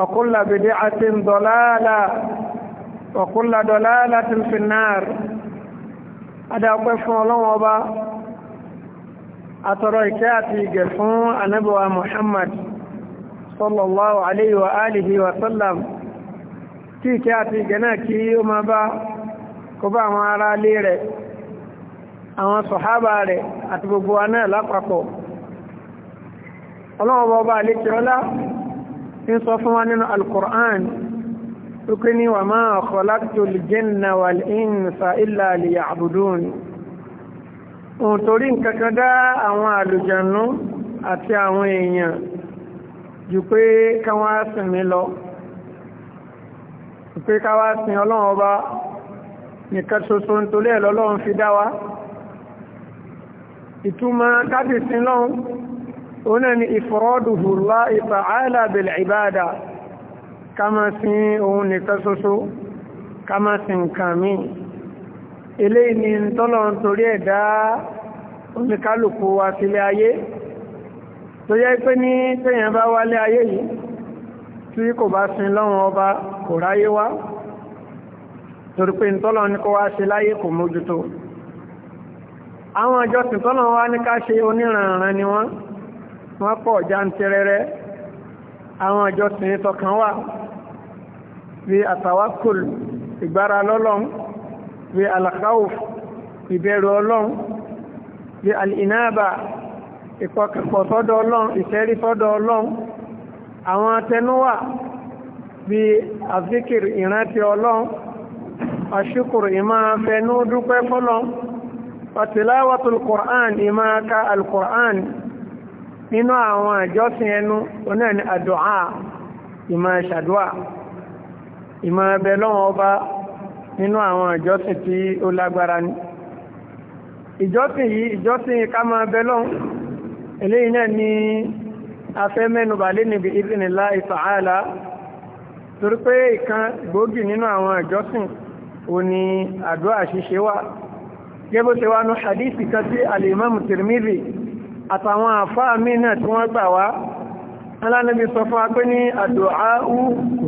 وكل بدعة ضلالة وكل ضلالة في النار أدا أقف الله أبا أتريكاتي قفون أنبوى محمد صلى الله عليه وآله وسلم تي كاتي جناكي يوم أبا كبا مارا ليري àwọn sọ̀hábà rẹ̀ àti gbogbo wa náà lápapọ̀ ọlọ́wọ́ bọ́ bá ń sọ fún wa nínú alkùrán wípé ní wà máa khalaqtu al-jinna wal-insa illa liya'budun òun torí nǹkan kan dá àwọn àlùjànú àti àwọn èèyàn jù pé káwọn á lọ pé káwá sin ọlọ́run ọba nìkan ṣoṣo ń torí fi dá wa ìtumọ̀ kábíyèsí lọ́run ona ni ifraduhu Allahi ta'ala bil ibada kama sin ohun nìkan ṣoṣo kama sin nǹkan mi eléyìí ni tọ́lọ̀ ń torí ẹ̀dá oníkálùkù wa sílé ayé tó yẹ pé ní tẹ́yàn bá wálé ayé yìí tí kò bá sin lọ́wọ́n ọba kò ráyé wá torí pé tọ́lọ̀ ní kó wá ṣe láyé kò mójútó àwọn ìjọsìn tọ́lọ̀ wá ní ká ṣe oníranran ni wọ́n wọ́n pọ̀ jántẹrẹrẹ àwọn ìjọsìn tọkàn wà bí àtàwákùl ìgbára lọ́lọ́run bí alakawuf ìbẹ̀rù ọlọ́run bí alìnáàbà ìpọkàpọ̀ sọ́dọ̀ ọlọ́run ìṣẹ́rí sọ́dọ̀ ọlọ́run àwọn atẹnuwà bí azikir ìrántí ọlọ́run aṣíkùrù ìmá fẹnú dúpẹ́ fọ́lọ́run pàtìláwàtùl kùrán ìmá ka alkùrán nínú àwọn àjọsìn ẹnu oní ẹni àdúà ìmọ̀ ṣàdúà ìmọ̀ ẹbẹ̀ lọ́wọ́ ọba nínú àwọn àjọsìn tí ó lágbára ní ìjọsìn yìí ìjọsìn ká máa bẹ lọ́wọ́ eléyìí náà ni afẹ́ mẹ́nubà lé níbi ìdínilá ìfàhálà torí pé ìkan gbòógì nínú àwọn àjọsìn òní àdúà ṣíṣe wà gẹ́gbó ṣe wá nú hadithi kan tí al Tirmidhi àtàwọn àfáà mí náà tí wọ́n gbà wá alánàbí sọ fún apé ní àdúà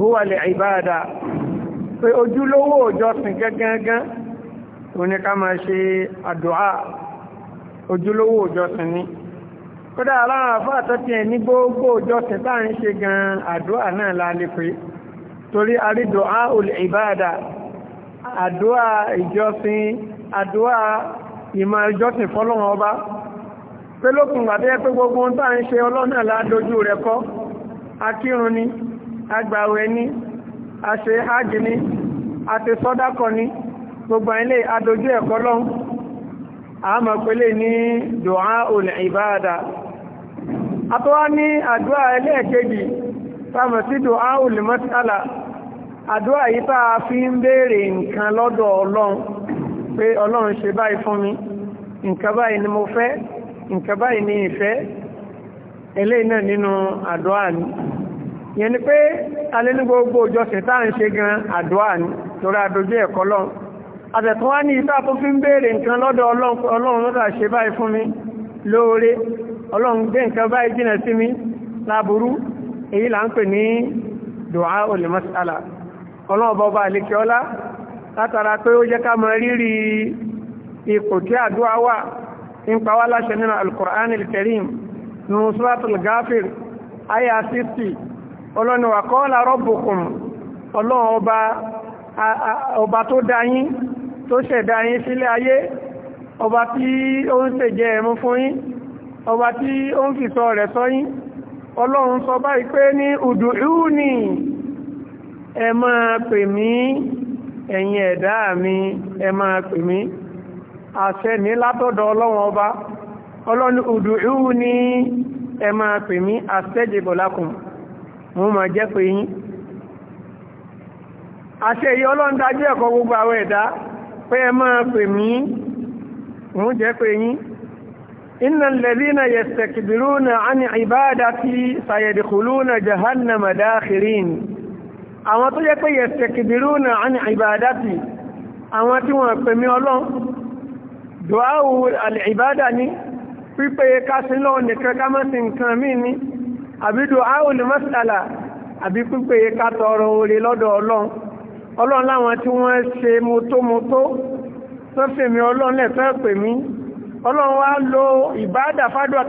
huwa al-ibada pé ojúlówó òjọsìn gẹ́gẹ́gẹ́ ó ní ká máa ṣe àdúà ojúlówó òjọsìn ní kódà aláwọn àfáà tọ́tí ẹ̀ ní gbogbo òjọsìn tá à ń ṣe gan àdúà náà lálé torí àrídùá al-ibada àdúà ìjọsìn àdúà ìmọ̀ ìjọsìn fọ́lọ́wọ́n ọba pé lókùn àti ẹ pé gbogbo ohun tá à ń ṣe ọlọ́nà ládojú rẹ̀ kọ́ akírun ni agbàwẹ̀ ni àṣe hajj ni àti sọ́dákọ̀ ni gbogbo ilé adojú ẹ̀kọ́ lọ́hùn àmọ́ pélé ní dùá ul ìbáadà àtọ́wá ní àdúrà ẹlẹ́ẹ̀kejì táàmù sí dùá ul mas'ala àdúrà yìí tá a fi ń béèrè nǹkan lọ́dọ̀ ọlọ́run pé ọlọ́run ṣe báyìí fún mi nǹkan báyìí ni mo fẹ́ nke baa ní ife eléyìí náà nínú àdúrà ni yẹn ni pé alẹ́ ní gbogbo ìjọsìn tá ń ṣe gan ni torí adojú ẹ̀kọ́ lọ́n àtẹ̀tún wá ní ìta tó fi ń béèrè nǹkan lọ́dọ̀ ọlọ́run lọ́dà ṣe báyìí fún mi lóore ọlọ́run gbé nǹkan báyìí jìnà sí mi láburú èyí là ń pè ní dùhá olèmọ́sálà ọlọ́run àlekẹ́ọ́lá látara pé ń pa wá láṣẹ nínú al-Qur'an al-Karim nínú suratul Ghafir aya 60 ọlọ́ni wa qala rabbukum ọlọ́run ọba ọba tó dá yín tó ṣẹ̀dá yín sílé ayé ọba tí ó ń ṣèjẹ ẹ̀mú fún yín ọba tí ó ń fìsọ rẹ̀ sọ yín ọlọ́run sọ báyìí pé ní ud'uni ẹ máa pè mí ẹ̀yin ẹ̀dá mi ẹ máa pè mí àṣẹ ní látọ̀dọ̀ ọlọ́run ọba ọlọ́ni ùdùú ní ẹ máa pè mí àṣẹ́jìbò lákùn mú ma jẹ́ pé yín àṣẹ yìí ọlọ́run dájú ẹ̀kọ́ gbogbo àwọn ẹ̀dá pé ẹ máa pè mí mú jẹ́ pé yín innal ladhina yastakbiruna an ibadati sayadkhuluna jahannama dakhirin àwọn tó jẹ́ pé yastakbiruna an ibadati àwọn tí wọ́n pè ọlọ́run dùáwù alìbádà ní pípé kásílọ́ nìkan ká mọ́sí nǹkan mí ní àbí dùáwù lè mọ́sàlá àbí pípé ká tọrọ orí lọ́dọ̀ ọlọ́run ọlọ́run láwọn tí wọ́n ṣe mọ́tómọ́tó tó fi mi ọlọ́run lẹ́fẹ́ pè mí ọlọ́run wá lo ìbádà fádùá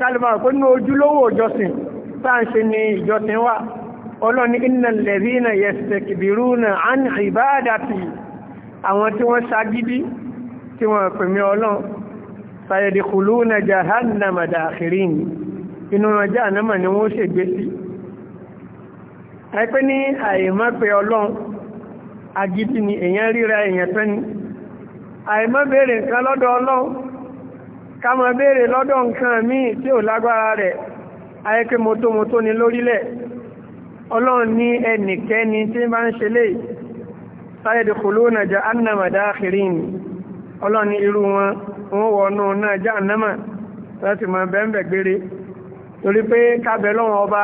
ni ìjọsìn wa ọlọ́run ní innal ladhina yastakbiruna an ibadati àwọn tí wọ́n tí wọ́n pè mí ọlọ́run sayadkhuluna jahannama dakhirin inú ọjà ànámà ni wọ́n ṣègbé sí àìpé ní àìmọ́ pé ọlọ́run agidi ni èèyàn ríra èèyàn fẹ́ ni àìmọ́ béèrè nǹkan lọ́dọ̀ ọlọ́run ká má béèrè lọ́dọ̀ nǹkan míì tí ò lágbára rẹ̀ ayẹ́kẹ́ mọ́tómọ́tó ni lórílẹ̀ ọlọ́run ní ẹnìkẹ́ni tí bá ń ṣe lè sayadkhuluna jahannama dakhirin ni ọlọ́run ní irú wọn wọ́n wọnú náà jáànámà láti mọ bẹ́ẹ̀bẹ̀ gbére torí pé kábẹ̀ lọ́wọ́ ọba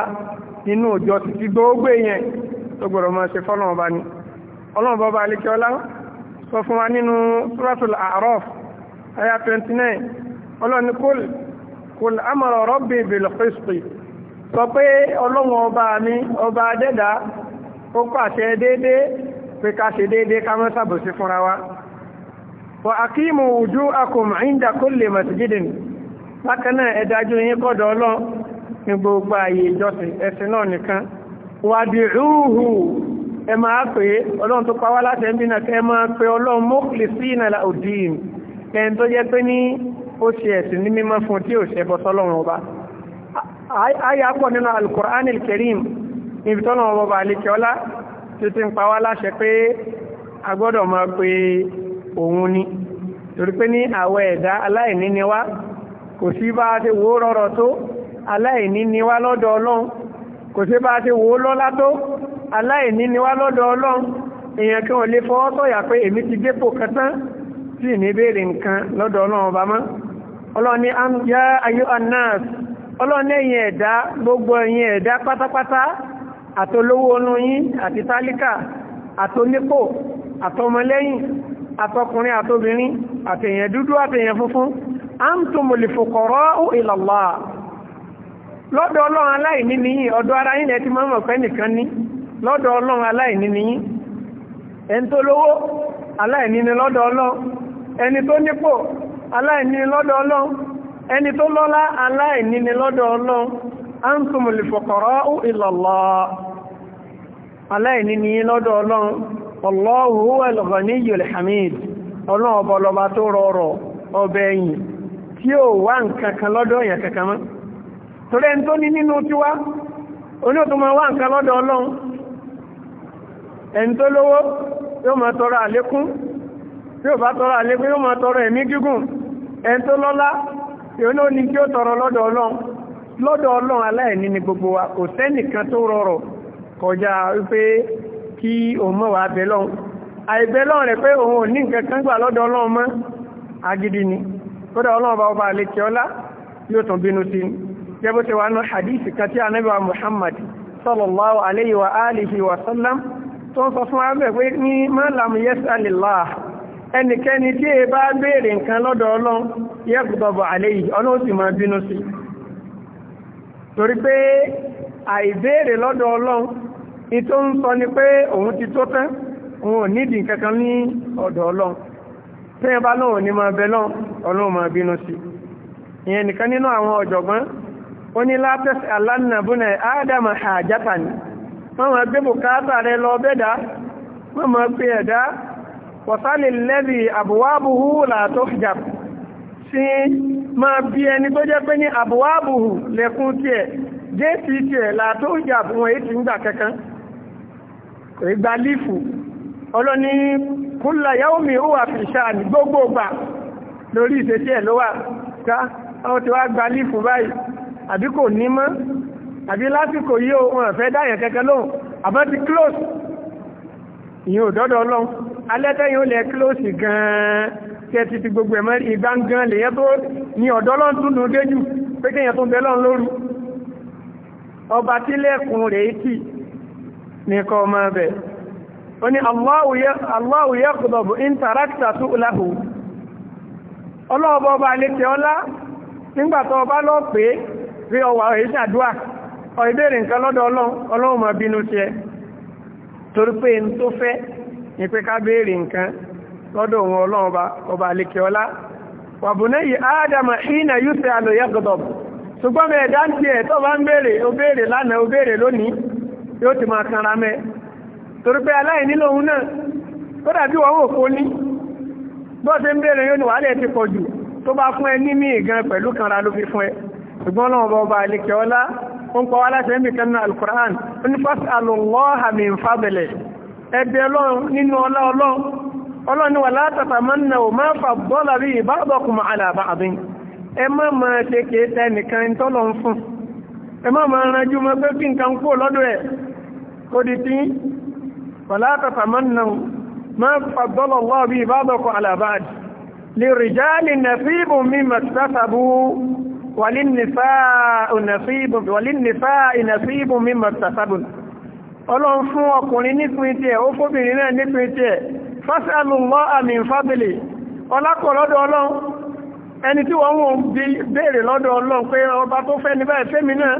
nínú òjò títí gbogbo èèyàn tó gbọ́dọ̀ máa ṣe fọ́lọ́wọ́ ọba ni ọlọ́run bọ́ba alikiola sọ fún wa nínú suratul A'raf aya 29 ọlọ́run ní kul kul amara rabbi bil qisti sọ pé ọlọ́run ọba mi ọba adẹ́dá ó pàṣẹ déédéé pé ká ṣe déédéé ká má ṣàbòsí fúnra wa wa akíìmù ojú akùnmù ìndà kó lè masjidin bákanáà ẹ̀dájú yín kọ́dọ̀ ọlọ́ ní gbogbo ààyè ìjọsìn ẹ̀sìn náà nìkan wàdìrúhù ẹ máa pè é ọlọ́run tó pawá láti ẹ̀mí náà kẹ́ máa pe ọlọ́run mukhlisina laudin ẹni tó jẹ́ pé ní ó ṣe ẹ̀sìn ní mímọ́ fún tí ò ṣẹbọ sọ́lọ́run ọba àyà pọ̀ pé òun ni torí pé ní àwọn ẹ̀dá aláìní ni wá kò sí bá a ti wò ó rọrọ̀ tó aláìní ni wá lọ́dọ̀ ọlọ́run kò sí bá a ti wò ó lọ́lá tó aláìní ni wá lọ́dọ̀ ọlọ́run èèyàn kan ò lè fọwọ́ sọ̀yà pé èmi ti dépò kan tán ní béèrè nǹkan lọ́dọ̀ ọlọ́run ọba ọlọ́ni yá ayú anas ọlọ́ni ẹ̀yin ẹ̀dá gbogbo ẹ̀yin ẹ̀dá pátápátá àtolówó onú yín àti tálíkà àtonípò àtọmọlẹ́yìn àtọkùnrin àtobìnrin àtẹ̀yàn dúdú àtẹ̀yàn funfun antumul fuqara'u ila Allah lọ́dọ̀ ọlọ́run aláìní nìyí ara yín lẹ́tí máa mọ̀ nìkan ní lọ́dọ̀ ọlọ́run aláìní nìyí aláìní ni ẹni tó Allahu huwal n'i hamid ọlọ́run ọba ọlọ́ba tó rọrọ̀ ọbẹ̀ ẹ̀yìn tí ó wá nǹkan lọ́dọ̀ èèyàn kankan mọ́ torí tó ní nínú tiwa máa wá nǹkan lọ́dọ̀ ọlọ́run ẹni tó lówó yóò máa tọrọ àlékún tọrọ àlékún yóò máa tọrọ ẹ̀mí gígùn ẹni tó lọ́lá yóò ní kí ó tọrọ lọ́dọ̀ tó kí òun mọ̀ wá bẹ̀ lọ́hùn àìbẹ̀ lọ́hùn rẹ̀ pé òun ò ní nǹkan gbà lọ́dọ̀ ọlọ́run mọ́ ni kódà ọlọ́run bá ọba àlekè ọlá yóò tún bínú sí ni jẹ́bó ti wà kan tí Muhammad sallallahu alayhi wa alihi wa lọ́dọ̀ ọlọ́run ìtò ń sọ ni pé òun ti tó tán òun ò nídìí kankan ní ọ̀dọ̀ ọlọ́run tẹ́yìn bá lóun ní máa bẹ lọ́n ọlọ́run máa bínú sí ìyẹn nìkan nínú àwọn ọ̀jọ̀gbọ́n ó ní látẹ́sí alánàbúnà ádámà àjátà ni wọ́n gbé bùkátà rẹ lọ bẹ́dà wọ́n máa gbé ẹ̀dá wọ̀sálì àbúwábùhù làtó hijab sí ma bí ẹni tó jẹ́ pé ní àbúwábùhù lẹ́kún tiẹ̀ tiẹ̀ làtó hijab wọ̀nyí ti ń gbà kankan ìgbà lífù ọlọ́ni kúnlá yàwó mi ó wà fi ṣáàni gbogbo gbà lórí ìṣẹ́sí ẹ̀ ló wà ká wọ́n ti wá gba lífù báyìí àbí kò ní mọ́ àbí lásìkò yí o wọn fẹ́ dáyẹ̀ kẹ́kẹ́ lóhùn àbọ́ ti close ìyẹn ò dọ́dọ̀ ọlọ́run alẹ́tẹ́yìn ó lẹ close gan-an tẹ́ ti ti gbogbo ẹ̀mọ́ ìgbà gan lèyẹn tó ní nìkọ ọmọ ẹbẹ̀ ó ní Allahu yaqdabu in tarakta su'lahu ọlọ́ọ̀bọ̀ ọba alẹ́kẹ́ ọlá nígbàtọ̀ ọba lọ pé rí ọwà ìṣàdúà ọ ìbéèrè nǹkan lọ́dọ̀ ọlọ́run má bínú sí ẹ torí pé n tó fẹ́ ní beere ká béèrè nǹkan lọ́dọ̀ òun ọlọ́run ọba alẹ́kẹ́ ọlá wàbùnẹ́yì ádámà ìnà yúfẹ́ àlòyẹ́ gọ̀dọ̀bù ṣùgbọ́n mẹ́ẹ̀dá ń tiẹ̀ tó bá ń béèrè ó béèrè lánàá ó béèrè lónìí yóò ti máa kanra mẹ́ torí pé aláìní lòun náà ó dàbí wọ́n wò kó ní bọ́ọ̀sẹ̀ ń bèèrè yóò ní wàhálẹ̀ ti pọ̀ jù tó bá fún ẹ ní mí gan pẹ̀lú kanra ló fi fún ẹ ṣùgbọ́n náà bọ́ ọba àlekẹ́ ọlá ó ń pa wá láti ẹ̀mí kan náà alukur'an ó ní fásitì alùlọ́ọ̀hà mi ń fábẹ̀lẹ̀ ẹbí ọlọ́run nínú ọlá ọlọ́run ni wà kò dì tí pàlátàtà mọ́nà máa fàdọ́lọ̀ lọ́bí ìbádọ́kọ̀ alàbáàdì lè rìjáàlì nàfíìbù mi mọ̀tàtàbù wàlínìfáà mi mọ̀tàtàbù ọlọ́run fún ọkùnrin nípin tí ẹ̀ ó fóbìnrin náà nípin tí ẹ̀ fásàlùmọ́ àmì fábìlì ọlákọ̀ lọ́dọ̀ ọlọ́run ẹni tí wọ́n wọ́n béèrè lọ́dọ̀ ọlọ́run pé ọba tó fẹ́ ní báyìí fẹ́mi náà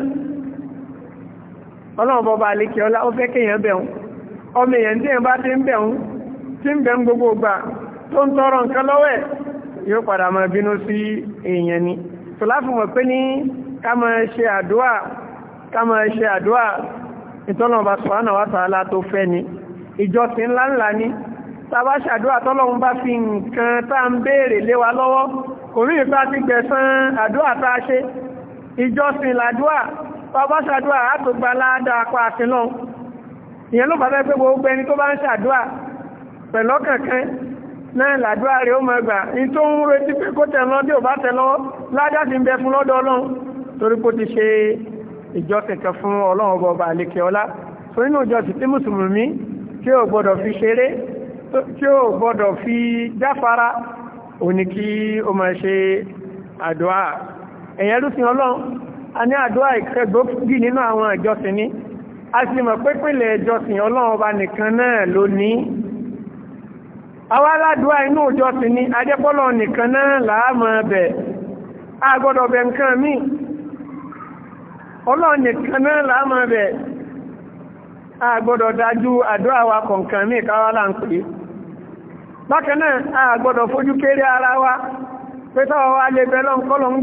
ọlọ́run bọ́ba àlekè ọlá ó fẹ́ kéèyàn bẹ̀rún ọmọ èèyàn tí èèyàn bá ti ń bẹ̀rún tí ń bẹ̀rún gbogbo gbà tó ń tọrọ nǹkan lọ́wọ́ ẹ̀ yóò padà máa bínú sí èèyàn ni tó láfi mọ̀ pé ní ká máa ṣe àdúà ká máa ṣe àdúà ìtọ́lọ́ba subhanahu wa ta'ala tó fẹ́ ni ìjọsìn ńláńlá ni tàbá ṣàdúrà tọ́lọ́run bá fi nǹkan tá ń béèrè lé wa lọ́wọ́ kò rí ìfẹ́ àti gbẹ̀san àdúà tá a ṣe ìjọsìn làdúà ọba ṣàdúà àtògbà ládàá pa àti náà ìyẹn ló bàbá pé gbogbo ẹni tó bá ń ṣàdúà pẹ̀lọ́ kankan náà làdúà rẹ̀ ó mọ̀gbà ní tó ń retí pé kó tẹ̀ lọ́dí ò bá tẹ̀ lọ́wọ́ ládàá ń bẹ fún lọ́dọ̀ ọlọ́run torí kó so nínú ìjọsìn tí mùsùlùmí tí ò gbọdọ̀ fi ṣeré tí ò gbọdọ̀ ọlọ́run a ní àdúrà ìkẹgbòógì nínú àwọn ìjọsìn ní a sì mọ̀ pépìlẹ̀ ìjọsìn ọlọ́run ọba nìkan náà ló ní àwọn aládùúwà inú ìjọsìn ní ajẹ́pọ́lọ̀ nìkan náà láàmọ̀ bẹ̀ a gbọ́dọ̀ bẹ̀ nǹkan míì ọlọ́run nìkan náà láàmọ̀ bẹ̀ a dájú àdúrà wa kọ̀ọ̀kan wa pé táwọn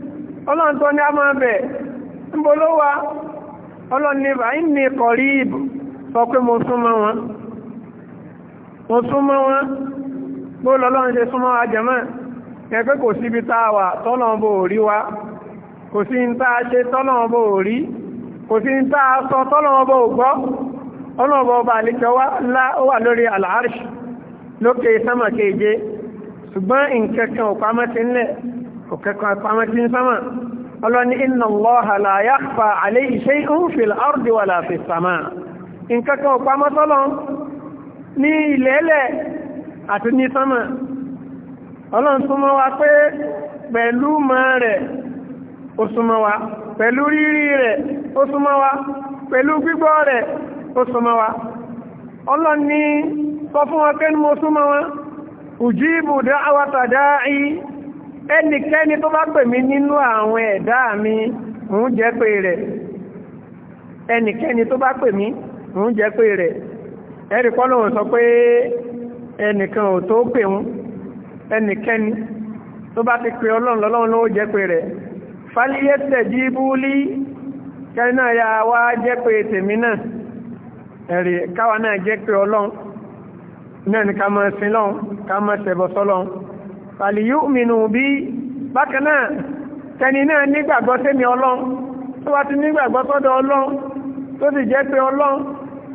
ọlọ́run tó ní a máa bẹ̀ ń bọ́ ló wá ọlọ́run ní bàá ń ní kọ̀rí ìbò sọ pé mo súnmọ́ wọn mo súnmọ́ wọn bó lọ́lọ́run ṣe súnmọ́ ajẹ̀mọ́ yẹn pé kò síbi tá wa kò sí ń tá tọ́lọ́run bò rí sọ tọ́lọ́run bò gbọ́ ọlọ́run wá keje ṣùgbọ́n nǹkan kan ò pamọ́ kò kẹ́kọ̀ọ́ pamọ́ tí ń sámà ọlọ́ni inna Allaha la yakhfa alayhi shay'un fil ardi wala fis sama nǹkan kan pamọ́ tọ́lọ́ ní ilẹ̀ẹ́lẹ̀ àti ní sámà ọlọ́run súnmọ́ wa pé pẹ̀lú mọ́ rẹ̀ ó ẹnikẹ́ni tó bá pè mí nínú àwọn ẹ̀dá mi ń jẹ́ pé rẹ̀ ẹnikẹ́ni tó bá pè mí ń jẹ́ pé rẹ̀ ẹ̀rì kọ́ lóhùn sọ pé ẹnìkan ò tó pè ń ẹnikẹ́ni tó bá ti pè ọlọ́run lọ́lọ́run ló jẹ́ pé rẹ̀ fàlíyẹ́sẹ̀ jíbúlí kẹ́rin fàlìyúmìnù bí bákanáà tẹni náà nígbàgbọ́ sẹ́mi ọlọ́n tó wá ti nígbàgbọ́ tọ́dọ̀ ọlọ́n tó sì jẹ́ pé ọlọ́n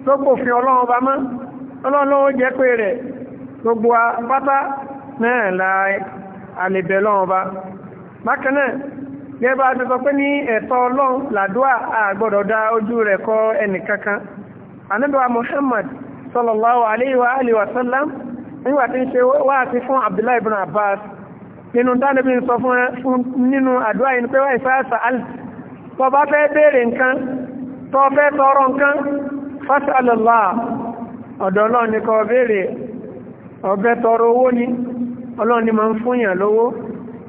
tó pòfin ọlọ́n ọba mọ́ ọlọ́n lọ́wọ́ jẹ́ pé rẹ̀ gbogbo apáta náà la àlèbẹ̀ bákanáà ti sọ pé ní ẹ̀tọ́ ọlọ́n làdúà àgbọ̀dọ̀ dá ojú rẹ̀ nígbà tí ń ṣe wá sí fún Abdullahi ibn Abbas nínú dánibí sọ fún nínú àdúrà yìí pé wá ìsáàsà al tó bá fẹ́ béèrè nǹkan tó fẹ́ tọrọ nǹkan fásitàlọ́lá ọ̀dọ̀ ọlọ́run ni kó béèrè ọ̀bẹ tọrọ owó ni ọlọ́run ni máa ń fúnyàn lówó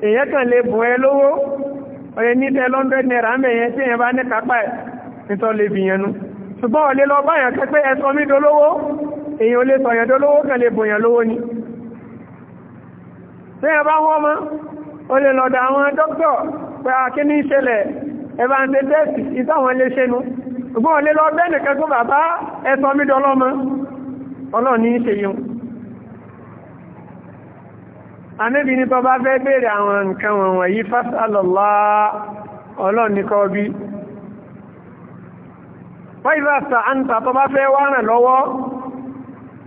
èyàn kàn lè bùn ẹ lówó ọ̀yẹ ní tẹ lọ́ndẹ̀ ń bẹ̀yẹn tí èyàn bá ní kápá ẹ̀ nítorí lè bìyànnu ṣùgbọ́n ọ̀lẹ́ lọ báyàn kẹ́pẹ́ ẹ̀sọ́ mídolówó èyàn olè sọ̀yẹ̀dọ́ lówó kan lè bòyàn lówó ni tí ẹ bá wọ́n mọ́ o lè lọ́dọ̀ àwọn dókítọ̀ pé àkí ní ìṣẹ̀lẹ̀ ẹbá ń tẹ́tẹ́sì ìtàwọn ilé ṣẹ́nu ṣùgbọ́n olè lọ bẹ́ẹ̀nìkan tó bàbá ẹsọ mídọ́ ọlọ́mọ ọlọ́ni ṣe yun anẹ́bí ní bá fẹ́ bèèrè àwọn lọ́wọ́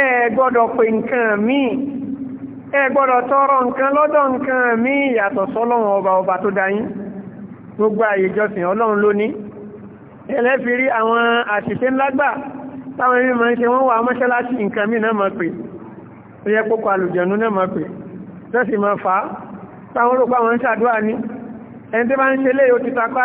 ẹ gbọ́dọ̀ pè nǹkan míì ẹ gbọ́dọ̀ tọrọ nǹkan lọ́dọ̀ nǹkan yàtọ̀ sọ́lọ́run ọba ọba tó dá gbogbo àyè ìjọsìn ọlọ́run lónìí ẹlẹ́fìrí àwọn àṣìṣe ńlágbà táwọn ẹni máa ń ṣe wọ́n wà mọ́ṣáláṣí nǹkan náà máa pè ó yẹ kókò náà máa pè lọ́sì máa fà á táwọn ń ṣàdúrà ní ẹni tí ń ṣe ti takọ́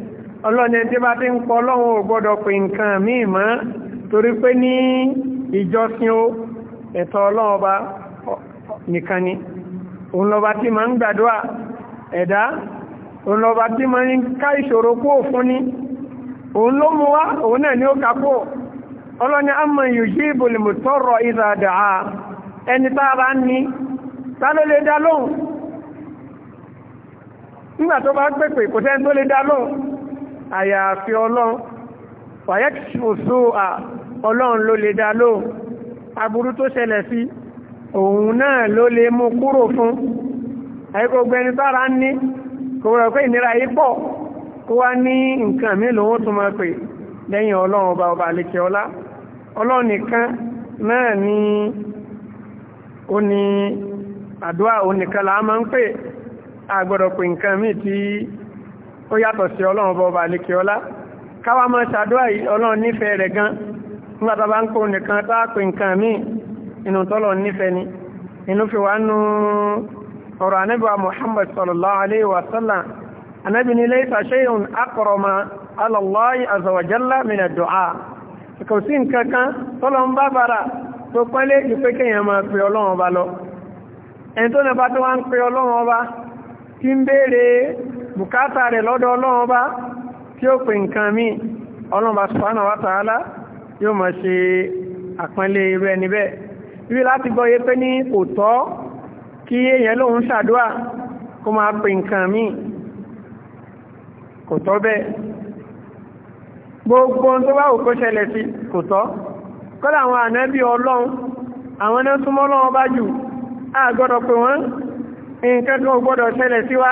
ọlọ́ni tí bá ti ń pọ̀ lọ́wọ́ gbọ́dọ̀ pè nǹkan míì mọ́ torí pé ní ìjọsìn o ẹ̀tọ́ ọlọ́run ọba nìkan ni òun lọba tí máa ń gbàdúrà ẹ̀dá òun tí máa ń ká ìṣòro kúò fún ni òun ló mú wá òun náà ni ó kakó ọlọ́ni àmọ́ yòóyé ìbòlìmọ̀ tọrọ ìzàdà ẹni tá a bá ń ní ta ló lè dá lóhùn nígbà tó bá pèpè kò sẹ́ni tó lè dá lóhùn àyàfi ọlọ́run fàyẹ́kìsòsò à ọlọ́run ló lè dá lóhùn aburú tó ṣẹlẹ̀ sí òun náà ló lè mú kúrò fún àìkógbé ẹni tára ní kò ìnira yìí pọ̀ kó wá ní nǹkan mi lòun tún máa lẹ́yìn ọlọ́run ọba ọba àlekè ọlá ọlọ́run nìkan náà ni ó ní àdúrà òun nìkan máa ń pè nǹkan mi tí ó yàtọ̀ sí ọlọ́run bọba àlékiọlá káwà máa ṣàdúrà yìí ọlọ́run nífẹ̀ẹ́ rẹ̀ gan nígbà bá ń kó nìkan tá nǹkan míì inú tọ́lọ̀ nífẹ̀ẹ́ ni inú fi wá nú ọ̀rọ̀ anábìwá Muhammad sallallahu alayhi wa sallam anábì ní laysa shay'un aqrama ala Allah azza wa jalla min ad-du'a kò sí nǹkan kan tọ́lọ̀ ń bá bàrà tó pẹ́lẹ́ ìpé bùkátà rẹ̀ lọ́dọ̀ ọlọ́run bá tí ó pè nǹkan mí ọlọ́run bá subhanahu wa ta'ala yóò máa ṣe àpọ́nlé irú ẹni bẹ́ẹ̀ ibi láti gbọ́ yé pé ní kò tọ́ kí èèyàn lòun ṣàdúà kó máa pè nǹkan mí kò tọ́ bẹ́ẹ̀ gbogbo tó bá òkú ṣẹlẹ̀ sí kò tọ́ kọ́lá àwọn ànábì ọlọ́run àwọn ẹni súnmọ́ ọlọ́run bá jù á gbọ́dọ̀ pé wọ́n nǹkan kan gbọ́dọ̀ ṣẹlẹ̀ sí wa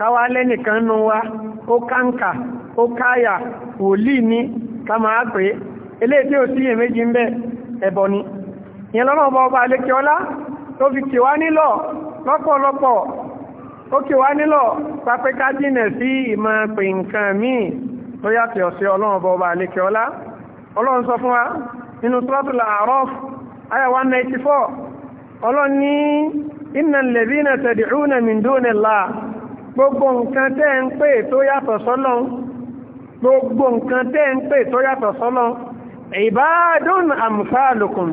káwá lẹ́nìkan nú wa ó káǹkà ó káyà wòlíì ní ká máa pè é eléyìí tí ó sí èméjì ń bẹ ẹbọ ni ìyẹn lọ́nà ọba ọba àlékè ọlá tó fi kì wá nílọ̀ lọ́pọ̀lọpọ̀ ó kì wá nílọ̀ pápẹ́ ká jìnà sí ìmọ̀ pè nǹkan míì tó yàtọ̀ sí ọlọ́run ọba ọba àlékè ọlá ọlọ́run sọ fún wa nínú suratul A'raf aya 194 ọlọ́run gbogbo nǹkan tẹ́ ń pè tó yàtọ̀ sọ́lọ́ gbogbo nǹkan tẹ́ ń pè tó yàtọ̀ sọ́lọ́ ìbádùn àmúfàálùkùn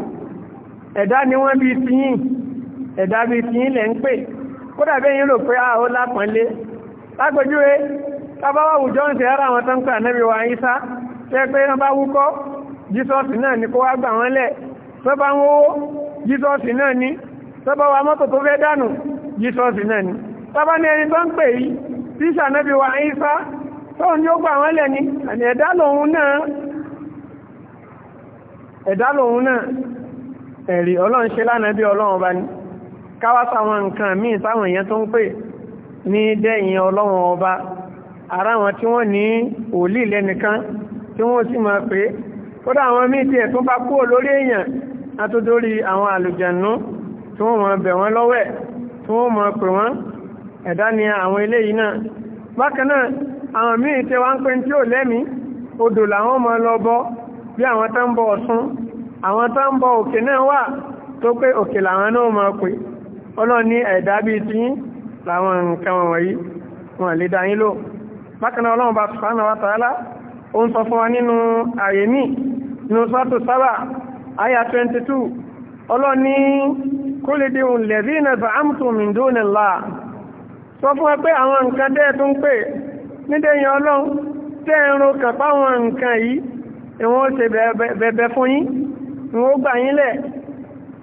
ẹ̀dá ni wọ́n bí ti yìn ẹ̀dá bí ti yìn lẹ̀ ń pè kódà bẹ́ẹ̀ yín rò pé a ah, ó lápọ̀nlé lágbèjúwe tábáwá àwùjọ ń tẹ́ ara àwọn tó ń pè ànábì wa Ìsá tẹ́ pé wọ́n bá wúkọ́ jísọ́ọ̀sì náà ni kó wá gbà wọ́n lẹ̀ tó bá ń wówó jísọ́ọ̀sì náà ni tó bá wa mọ́tò tó fẹ́ dànù jísọ́ọ̀sì náà ni tọ́bá ní ẹni tó ń pè yí tíṣà nẹ́bí wa Ìsá tóun yóò gbà wọ́n lẹ́ni àmì ẹ̀dá lòun náà ẹ̀dá lòun náà ẹ̀rí ọlọ́run ṣe lánàá bí ọlọ́run bá ní káwá sáwọn nǹkan míì sáwọn èèyàn tó ń pè ní dẹ́yìn ọlọ́run ọba ara wọn tí wọ́n ní òlì lẹ́nìkan tí wọ́n sì máa pé kódà àwọn míì tiẹ̀ tó bá kúrò lórí èèyàn látòdórí àwọn àlùjànnú tí wọ́n mọ̀ bẹ̀ wọ́n lọ́wẹ̀ tí wọ́n mọ̀ pè wọ́n ẹ̀dá ni àwọn eléyìí náà bákan náà àwọn míì tẹ wá ń pè tí ò lẹ́mí odò làwọn ọmọ lọ bọ́ bí àwọn tó ń bọ ọ̀sún àwọn tó ń bọ òkè náà wà tó pé òkè làwọn náà mọ̀ pé ọlọ́run ní ẹ̀dá bíi ti yín làwọn nǹkan wọ̀nyí wọn lè dá yín lò bákan náà ọlọ́run lẹ́bí náà zàámùtù mìndónìlá sọ fún ẹ pé àwọn nǹkan dẹ́ tó ń pè nídẹ̀yìn ọlọ́run tẹ́ ẹ̀rọ kàpá àwọn nǹkan yìí ìwọ́n ṣe bẹ̀bẹ̀ fún yín ìwọ́n gbà yín lẹ̀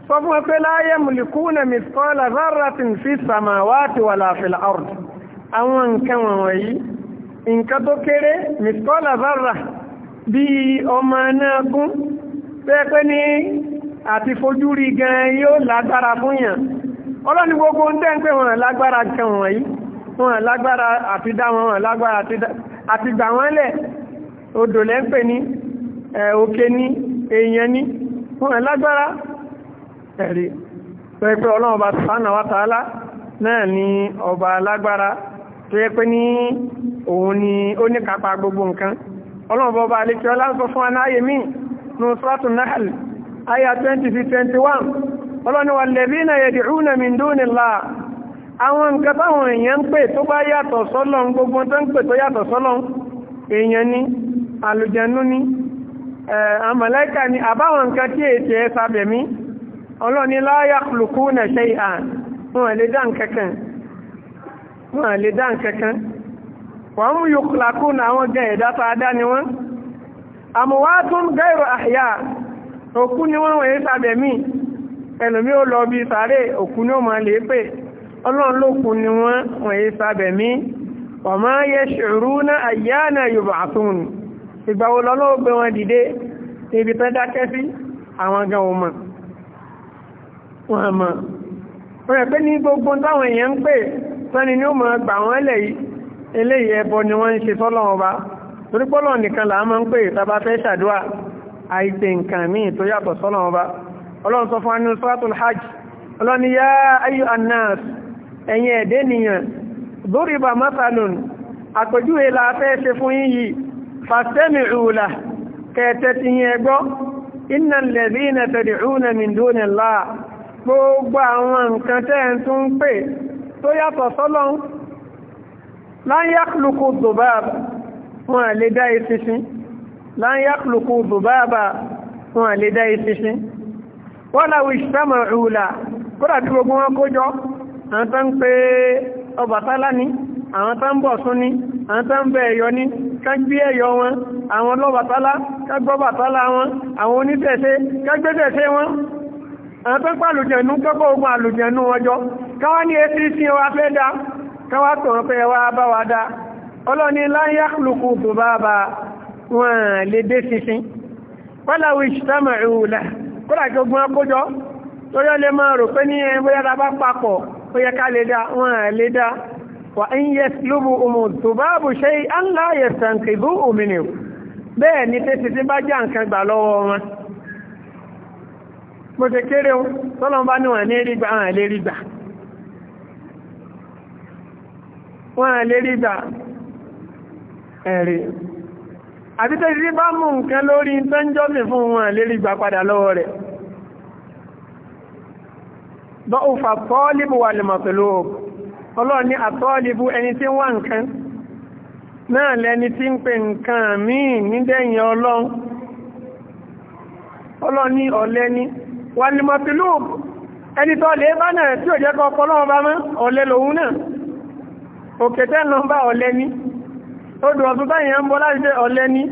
sọ fún ẹ láyé mùlìkú nà mìsọ́lá zarratin fi samawati wala fil ard ọlọ́ni gbogbo ń tẹ́ ń pè wọ́n lágbára kan wọ̀nyí wọ́n lágbára àti dá wọn wọ́n lágbára àti gbà wọ́n lẹ̀ odò lẹ́ ń pè ní òkè ní èèyàn ní wọ́n lágbára ẹ̀rí tó yẹ pé ọlọ́run ọba sàánà wa tààlà náà ni ọba lágbára tó yẹ pé ní òun ni ń sọ fún wa náà ayé náà ayé 20 ọlọ́ni wà lẹ́bínà yad'una min dunillah àwọn nǹkan táwọn èèyàn ń pè tó bá yàtọ̀ sọ́lọ́n gbogbo tó ń pè tó yàtọ̀ sọ́lọ́n èèyàn ní àlùjànnú ní àmàlẹ́kà ní àbáwọn nǹkan tí ètè ẹ sábẹ̀mí ọlọ́ni la yakhluquna shay'an wọn lè dá nǹkankan wọn ẹlòmí ó lọ bí sáré òkú ní ọmọ lè pè ọlọ́run lókun ni wọ́n wọ̀nyí sábẹ̀mí ọmọ yẹ ṣòro ní àyà náà yorùbá àtún ìgbà wo lọ́lọ́wọ́ wọn dìde níbi tó dákẹ́ sí àwọn gan wọn mọ̀ wọn mọ̀ wọn rẹ̀ pé ní gbogbo ni ó mọ̀ gbà wọ́n ni wọ́n ń ṣe sọ́lọ́wọ́n ba torípọ́lọ́ nìkan là á máa ń pè tá a bá tó yàtọ̀ sọ́lọ́wọ́n ba ọlọ́run sọ fún anú suratul hajj ọlọ́ni yá ayyu annas ẹ̀yin ẹ̀dẹ́ nìyàn duriba masalun àpèjúwe la fẹ́ ṣe fún yíyí fastami'u la kẹtẹ ti yẹn gbọ́ innal ladhina tad'una min dunillah gbogbo àwọn nǹkan tẹ́ ń tún pè tó yàtọ̀ wọn lè dá ìsinsin la wọ́la ìṣẹ́mọ̀ ìhùlà kódà tí gbogbo wọn kó jọ àwọn tán pé Ọbàtálá ni àwọn tán bọ̀ sún ni àwọn tán bẹ ẹ̀yọ ni kágbé ẹ̀yọ wọn àwọn lọ́bàtálá kágbọ́bàtálá wọn àwọn onítẹ̀ẹ́sẹ́ kágbẹ́tẹ̀ẹ́sẹ́ wọn àwọn tán pà lùjẹ̀nú kọ́kọ́ ogun àlùjẹ̀nú ọjọ́ káwá ní etí sí wa kódà kí ogun ọkójọ́ lórí ọlẹ́ máa rò pé ní ẹgbẹ́ yára bá papọ̀ ó yẹ ká lè dá wọn à lè dá wà ń yẹ lóbu tó bá bù ṣe bẹ́ẹ̀ ni tẹ́sí tí bá já nǹkan gbà lọ́wọ́ wọn mo ti kéré o àti tó ti bá mú nǹkan lórí tó ń jọ́sìn fún wọn lérí gbà padà lọ́wọ́ rẹ̀ bọ́ òfà tọ́ọ̀lìbù wà lè mọ̀tòló ọlọ́run àtọ́ọ̀lìbù ẹni tí wà nǹkan náà lẹni tí ń pè nǹkan míì ní ọ̀lẹ́ni wà odò ọdún báyìí ń bọ́ láti jẹ́ ọlẹ́ ní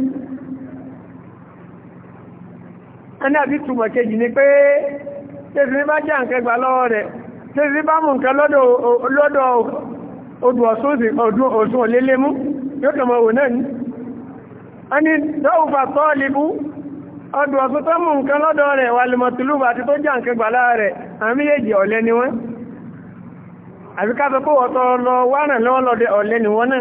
ẹni àti túnmọ̀ kejì ní pé tẹ́sí ní bá jẹ́ àǹkẹgbà lọ́wọ́ rẹ̀ tẹ́sí bá mú nǹkan lọ́dọ̀ odò ọ̀sún olélé mú yóò tọmọ wọ̀ náà ni wọ́n náà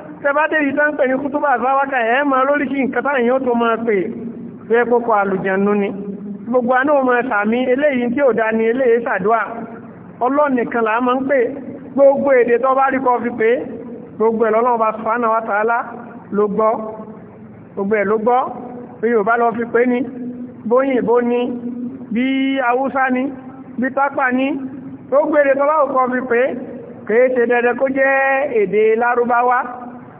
tẹbádé yìí tán pè ní kútúbà àbáwákà ẹ̀ lórí kí nǹkan táyìn tó máa pè pé púpọ̀ àlùjànnú ni gbogbo àná ọmọ ẹ̀sàmí eléyìí tí ò dá ní eléyìí sàdúà ọlọ́nìkan là máa ń pè gbogbo èdè tó bá rí kọ fi pé gbogbo ẹ̀ lọ́lọ́wọ́ bá fàánà wá tààlà ló gbọ́ gbogbo ẹ̀ ló gbọ́ bí Yorùbá lọ fi pé ní bóyìnbó ni bí Haúsá ni bí tápà ni gbogbo èdè tó bá kọ fi ṣe dẹdẹ kó jẹ́ èdè Lárúbáwá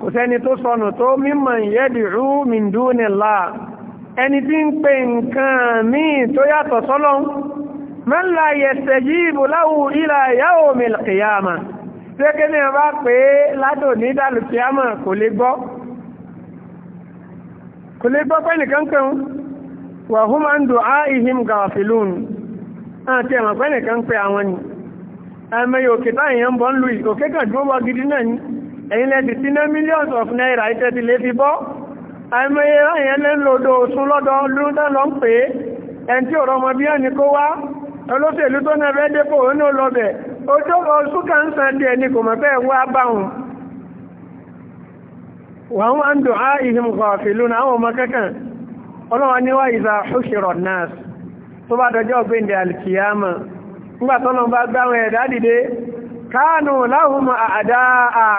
kò sẹ́ni tó sọnù tó mímọ̀ yẹ́dìrú mìndúnilá ẹni tí ń pè nǹkan míì tó yàtọ̀ sọ́lọ́ mẹ́lá yẹ̀sẹ̀ yìí bò láwù ìlà ìyáwó mìlìkìyàmà tí ó kéde bá pé ládò ní dàlùkìyàmà kò lè gbọ́ kò lè gbọ́ pé nìkan kan wà hú máa ń dùn á ìhìm gàfìlún àti ẹ̀mọ̀ pé nìkan pé àwọn ni ẹ̀yin lẹ́ti tí ná millions of naira ìtẹ́ ti lè fi bọ́ àìmọye ráyẹn lẹ́lòdò sún lọ́dọ̀ lúdá lọ ń pè é ẹn tí ọ̀rọ̀ ọmọ bí ẹni kó wá olóṣèlú tó náà fẹ́ dépò ó ní olóbẹ̀ ojú ọsùn kan san díẹ̀ ni kò mọ̀ pé ẹ̀wọ́ abáhùn wọ́n wá ń dùn á ìhìn kọ̀ọ̀fìlú náà àwọn ọmọ kankan ọlọ́wọ́n ní wá ìzà ṣùṣìrọ̀ náà tó bá dọjọ́ gbéǹde alkiyama nígbà tọ́lọ́ bá gbáwọn ẹ̀dá dìde káànù láhùn àdáa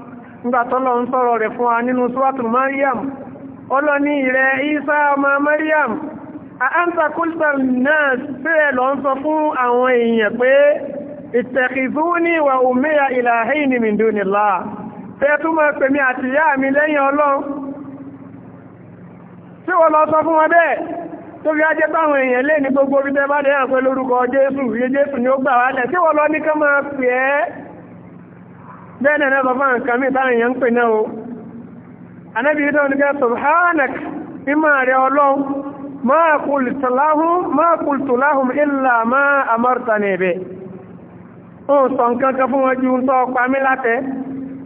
ńgbàtọ́lọ̀ ń sọ̀rọ̀ rẹ̀ fún wa nínú suratul Maryam ọlọ́ni rẹ̀ Isa ọmọ Maryam àánsà kúlùsàn náà bẹ́ẹ̀ lọ ń sọ fún àwọn èèyàn pé ittakhizuni wa min dunillah fẹ́ túnmọ̀ pèmí àti yá mi lẹ́yìn ọlọ́run tí wọ́n lọ sọ fún wọn bẹ́ẹ̀ tó fi ajẹ́ báwọn èèyàn lé ní gbogbo orí tẹ́ bá dẹ́yàn pé bẹ́ẹ̀ náà bàbá nǹkan mi táwọn èèyàn ń pè náà o anábì yìí dáwọn nígbà subhanak ìmọ̀ rẹ̀ ọlọ́run máa kùlùtù láhùn ìlà máa amọ́rta ní ẹ̀bẹ̀ ó sọ nǹkan kan fún wọn ju ń tọ́ pa mí látẹ́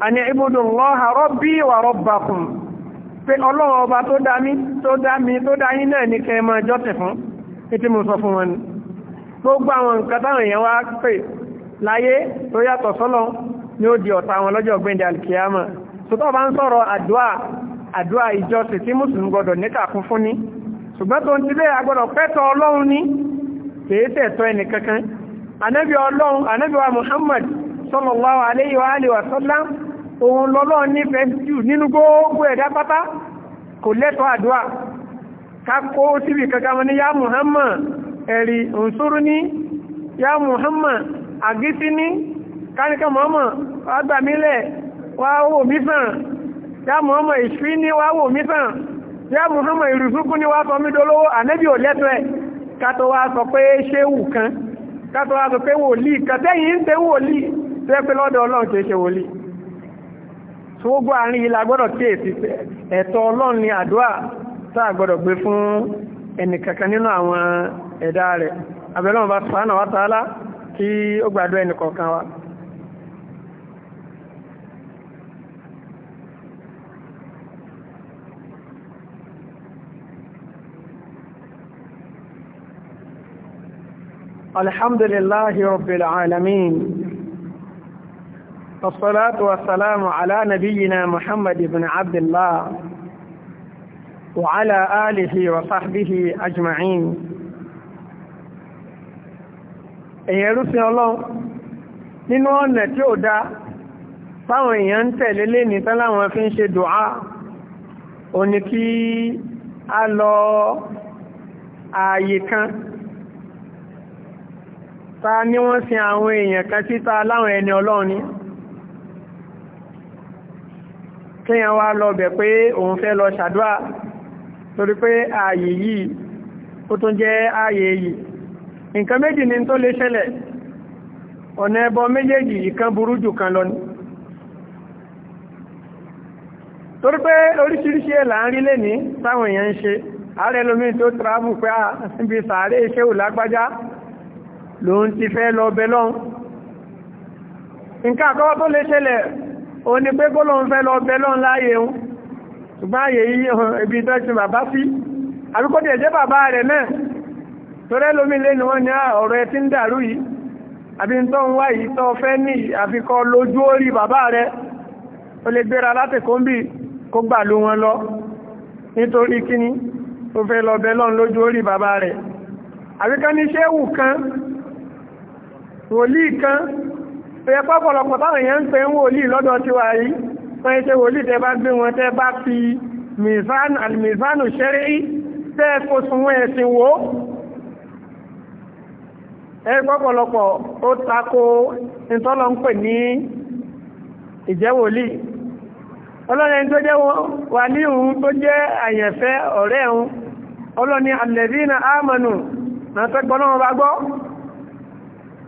àní ibùdó lọ́ha rọ́bí wà rọ́bàkùn pé ọlọ́run ọba tó dá mi tó dá mi tó dá yín náà láyé tó yàtọ̀ sọ́lọ́run ni ó di ọ̀tá wọn lọ́jọ́ gbẹ́ndẹ̀ alkiyama ṣùgbọ́n bá ń sọ̀rọ̀ àdúà àdúà ìjọsìn tí mùsùlùmí gbọdọ̀ níkà fún fún ní ṣùgbọ́n tó ń ti bẹ́ẹ̀ agbọ́dọ̀ pẹ́tọ̀ ọlọ́run ní kìí tẹ̀tọ́ ẹnì kankan anábì wa muhammad sallallahu alayhi wa alihi muhammad ẹ̀rí òǹsúrú ní muhammad àgísí káníkà mọ́mọ̀ wá gbà mílẹ̀ wá wò mí sàn yá mọ́mọ̀ ìṣí ní wá wò mí sàn yá mọ́mọ̀ ìrùsúkú ní wá sọ mí dolówó ànẹ́bí ò lẹ́tọ́ ẹ̀ kátó wá sọ pé ṣé wù kan kátó wá sọ pé wòlíì kàtẹ́yìn ń tẹ́ wòlíì tẹ́ pé lọ́dọ̀ ọlọ́run kìí ṣe wòlíì tó ni àdúrà tá kí ó gbàdúrà ẹnìkọ̀ọ̀kan wa الحمد لله رب العالمين والصلاة والسلام على نبينا محمد بن عبد الله وعلى آله وصحبه أجمعين èyàn rúfin ọlọ́run nínú ọ̀nà tí ó dá táwọn èèyàn ń tẹ̀lé lé ní tánláwọn fi ń ṣe dùá òní kí a lọ ààyè kan ta ní wọ́n sin àwọn èèyàn kan títa láwọn ẹni ọlọ́run ní kíyàn wá lọ bẹ̀ pé òun fẹ́ lọ ṣàdúà torí pé ààyè yìí ó tún jẹ́ ààyè yìí nǹkan méjì ni tó lè ṣẹlẹ̀ ọ̀nà ẹbọ méjèèjì ìkan burú jù kan lọ ní torí pé oríṣiríṣi ẹ̀ ń rí lẹ́ni táwọn èèyàn ń ṣe ààrẹ lómi tó travel pé à ah, ń sàárè iṣẹ́ lágbájá ló ń ti fẹ́ lọ bẹ lọ́n nǹkan àkọ́kọ́ tó lè ṣẹlẹ̀ o ní pé kó lóun fẹ́ lọ bẹ lọ́n láàyè ń ṣùgbọ́n àyè yìí ibi tó ti bàbá sí àbí kó tiẹ̀ jẹ́ bàbá rẹ̀ náà torẹ́ lómi lé ni wọ́n ní ọ̀rọ̀ ẹ ti ń dàrú yìí ní ṣéwù kan wòlíì kan pẹ̀lú pọ́pọ̀lọpọ̀ táwọn èèyàn ń pè ń wòlíì lọ́dọ̀ tí wà yìí wọ́n ṣe wòlíì tẹ́ bá gbé wọn tẹ́ bá fi mìzánù àlìmìzánù ṣẹ́rí tẹ́ kó sunwọ́n ẹ̀sìn wò ó ẹ pọ́pọ̀lọpọ̀ ó tako ìtọ́lọ ń pè ní ìjẹ́wòlíì ọlọ́rin tó jẹ́ wà ní òun tó jẹ́ àyẹ̀fẹ́ ọ̀rẹ́ òun ọlọ́ni alẹ́dínà ámànù na tẹ́gbọ́n náà bá gbọ́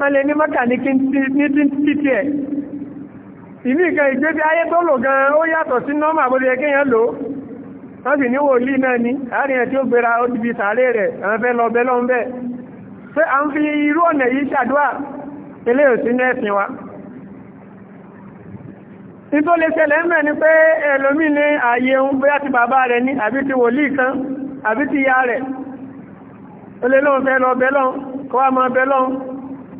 wọ́n lè ní mọ́kà ní títí ẹ̀ ìní ìkan ìgbésí ayé tó lò gan ó yàtọ̀ sí nọ́mà bó ṣe kéèyàn lò wọ́n sì ní wòlíì náà ní àárín ẹ̀ tí ó gbéra ó ti fi sàárè rẹ̀ àwọn fẹ́ lọ bẹ́lọ́ ń bẹ́ pé à ń fi irú ọ̀nà yìí ṣàdúrà eléyìí sí nẹ́ẹ̀sìn wa nítorí lè ṣẹlẹ̀ ń bẹ̀ ni pé ẹlòmíì ní ààyè ohun bóyá ti bàbá rẹ̀ ní àbí ti wòlíì kan àbí bẹ́lọ́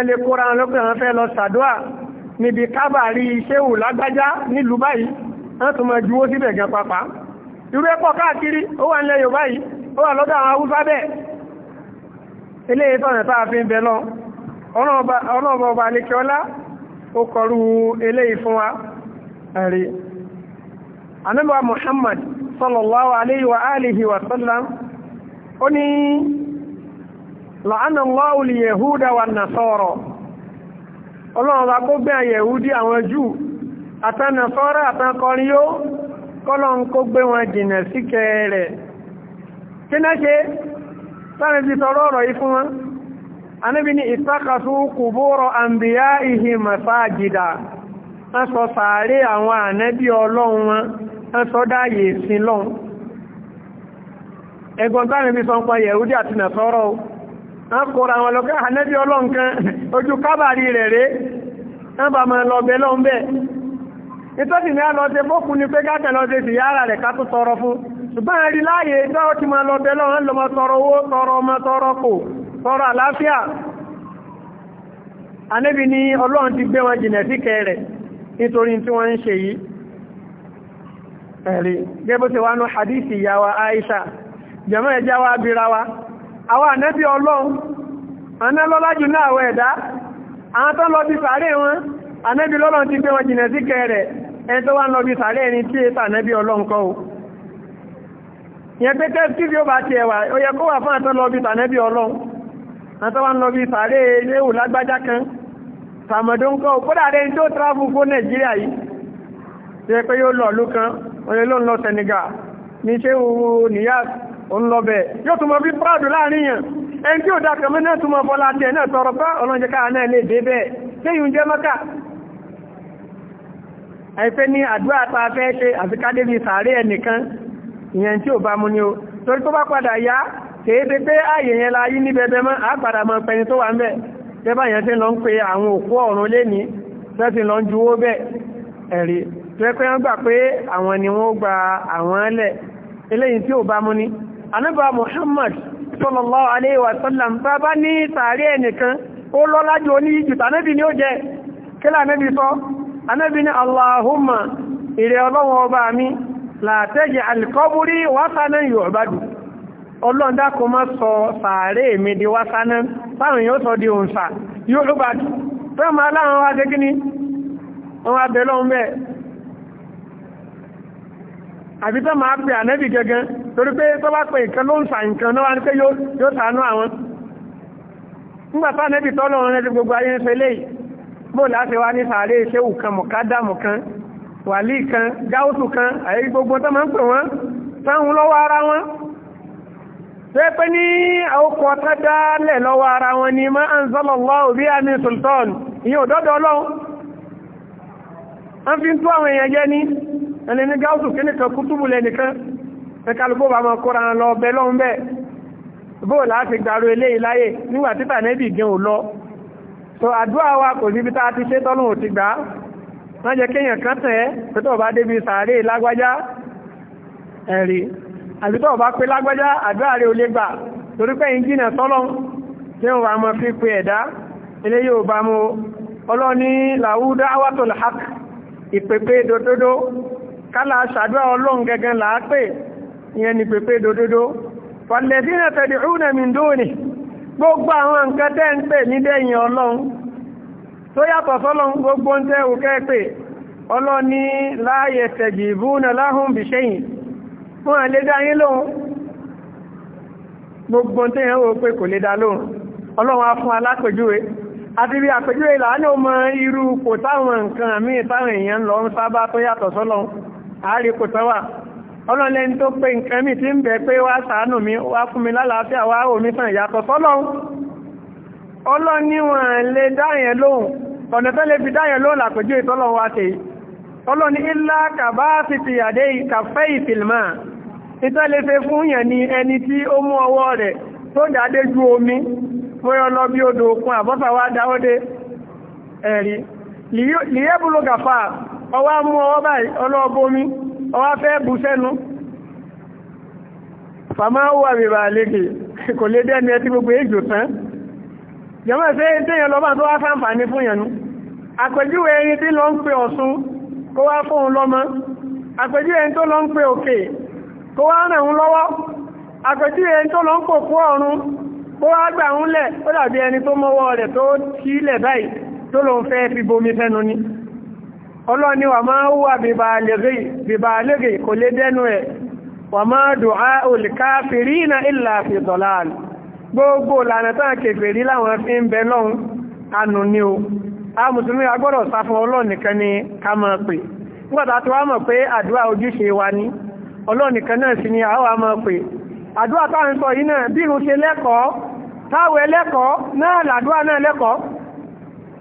ẹlẹ kóra wọn lọ́pẹ́ wọn fẹ́ lọ sàdúà níbi kábàárí ṣéwù lágbájá nílùú báyìí wọ́n tún máa juwó síbẹ̀ gan pàpà irú ẹ̀pọ̀ káàkiri ó wà nílẹ̀ Yorùbá yìí ó wà lọ́dọ̀ àwọn Haúsá bẹ́ẹ̀ eléyìí tọ̀nà tá a fi ń bẹ lọ ọlọ́ọ̀bọ̀ ọba alẹ́kẹ́ọ́lá ó kọrú eléyìí fún wa ẹ̀rí anábà Muhammad sallallahu alayhi wa sallam ó ní la'ana lọ́wùlì yẹ̀húdà Yahuda wa sọ́rọ̀ ọlọ́run bá kó gbé àyẹ̀húdí a jù àtànà sọ́rọ̀ àtàkọrin yóò kọ́lọ́n kó gbé wọn jìnà sí kẹrẹ kí náà ṣe sáré bí sọ rọ́rọ̀ ni ìsákàtú kùbúrọ̀ àǹbíyá ìhì màsáàjìdà sọ wọn sọ dáyè sí ati akọ̀rọ̀ àwọn ọlọ́kẹ́ ànẹ́bí ọlọ́nkan ojú kábàrí rẹ̀ rẹ̀ ẹbà mọ̀ lọ́bẹ̀ lọ́bẹ̀ ìtọ́sì ní àlọ́tẹ́ bókù ní pé káàkẹ́ lọ́tẹ́ sí yára rẹ̀ ká tó tọrọ fún ṣùgbọ́n rí láyé tí wá hadisi Aisha jẹ́mọ́ àwọn ànẹ́bí ọlọ́run ọ̀nà lọ́lájú náà wọ ẹ̀dá àwọn tó ń lọ bí sàárè wọn ànẹ́bí lọ́lọ́run ti gbé wọn jìnà sí kẹrẹ̀ ẹni tó wá ń lọ bí sàárè ẹni tí èsà ànẹ́bí ọlọ́run kọ́ o yẹn pé tẹ́sí tí ó bá ti ẹ̀wà ó yẹ kó wà fún àtọ́ lọ bí sàánẹ́bí ọlọ́run àtọ́ wá ń lọ bí sàárè iléèwù lágbájá kan sàmọ̀dó kọ́ ó kódà rẹ̀ tó tráfù ó ń lọ bẹ̀ yóò tún mọ bí prado láàrin yàn ẹni tí ó dá kàmọ́ náà tún mọ bọ́lá tẹ̀ náà tọrọ pé ọlọ́njẹ́ káà náà lè dé bẹ́ẹ̀ téyùn jẹ́ mọ́kà àìfẹ́ ní àdúrà tá a fẹ́ ṣe àfikádé bíi tí ò bá la yí níbẹ̀bẹ̀ mọ́ àpàdà mọ́ pẹni tó wà ń bẹ̀ tẹ́bà yẹn tí lọ ń pe àwọn òkú ọ̀run lẹ́ni tẹ́sí lọ ń juwó bẹ̀ ẹ̀rí tẹ́ wọ́n gbà pé àwọn ni wọ́n gba àwọn ẹlẹ̀ eléyìí tí ò bá mú ni anábà Muhammad sallallahu alaihi wasallam bá bá ní tààrí ẹnìkan ó lọ́lá jù ó ní ìjùta anábì ni ó jẹ kílà anábì sọ anábì ni Allahumma ìrẹ ọlọ́wọ́ ọba mi látẹ́jẹ alkọ́búrí wásánà yọ̀bádù ọlọ́ndákò má sọ sàárè mi di wásánà àbí tó máa pè ànẹ́bì gẹ́gẹ́ torí pé tó bá pè nǹkan ló ń sà nǹkan náà wá ní pé yóò sàánú àwọn nígbàtá ànẹ́bì tọ́lọ̀ rẹ̀ ti gbogbo ayé ń fẹ́ lè bó láti wá ní sàárè ṣéwù kan mọ̀kádàmù kan wàlí kan gáúsù kan àyè gbogbo tó máa ń pè wọ́n sáhun lọ́wọ́ ara wọn tó pé ní àwòkọ́ tó dálẹ̀ lọ́wọ́ ara wọn ni ma anzalallahu biha min sultan ìyẹn òdọ́dọ̀ ọlọ́run wọ́n fi ń tú àwọn èèyàn jẹ́ ní ẹni ní gáúsù kí nìkan kútùbù lẹ́nìkan ẹkàlùkò bá máa kóra lọ bẹ lọ́n bẹ́ẹ̀ bóò láti gbàrú eléyìí láyè nígbà títà nẹ́bì gẹ́ ò lọ so àdúrà wa kò síbi tá a ti ṣe tọ́lùn òtì gbà wọ́n jẹ́ kéèyàn kan tẹ̀ ẹ́ pé tó bá débi sàárè lágbájá ẹ̀rí àbí tó bá pé lágbájá àdúrà rẹ̀ ò lè gbà torí kala ṣàdúrà ọlọ́run gẹ́gẹ́ làápè ìyẹn ni pèpè dòdòdó fàlẹ́dínà tẹ̀lé ọ̀nà mi dóòní gbogbo àwọn nǹkan tẹ́ ń pè ní dẹ́yìn ọlọ́run tó yàtọ̀ sọ́lọ́run gbogbo ń tẹ́ pè ní láàyè ìbúnà láhùn ọlọ́run àti bí irú kò táwọn nǹkan èèyàn lọ ń tó yàtọ̀ sọ́lọ́run àárikò tọ́wà ọlọ́lẹ́ni tó pé nǹkan mi ti ń bẹ̀ pé wá sàánù mi wá fún mi lálàáfíà wá omi sàn ìyàtọ̀ sọ́lọ́run ọlọ́niwọ̀n lè dáyẹn lóhùn ọ̀nà tó lè fi dáyẹn lóhùn làpèjú ìtọ́lọ́run wá ọwá mú ọwọ́ báyìí ọlọ́ọ̀bọ́mí ọwá fẹ́ bù sẹ́nu fàmá wà mìíràn àlejò kò lè dẹ́ni ẹtí gbogbo èjò tán jẹ́mọ́ ṣe téèyàn lọ́bà tó wá fún ẹni tí lọ ń kó wá fóun lọ́mọ ẹni tó lọ ń pe òkè kó wá ń lọ́wọ́ ẹni tó lọ ń ọ̀run kó wá gbà ń lẹ̀ ó dàbí ẹni tó mọ́wọ́ rẹ̀ tó báyìí tó ọlọ́ni wà máa wà bìbàlẹ́gì kò lè dẹ́nu ẹ̀ wà máa dùá olùkáfìrí na ìlà fìdọ̀láàlù gbogbo lànà tán kèfèrí láwọn fi ń bẹ lọ́hun anù ni o a mùsùlùmí agbọ́dọ̀ sá fún Ọlọ́run nìkan ni ká máa pè nígbàtà tó wá mọ̀ pé àdúrà ojúṣe wa ni Ọlọ́run nìkan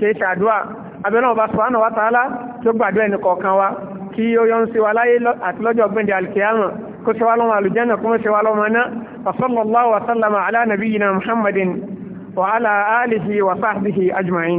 ṣe ṣàdúà abẹ́lẹ́ ọba subhanahu wa ta'ala tó gbàdúrà ẹni kọ̀ọ̀kan wa kí ó yọ́nú sí wa láyé àti lọ́jọ́ gbẹ̀ndẹ̀ alkiyama kó ṣe wá lọ́mọ àlùjànnà kó ṣe wá lọ́mọ náà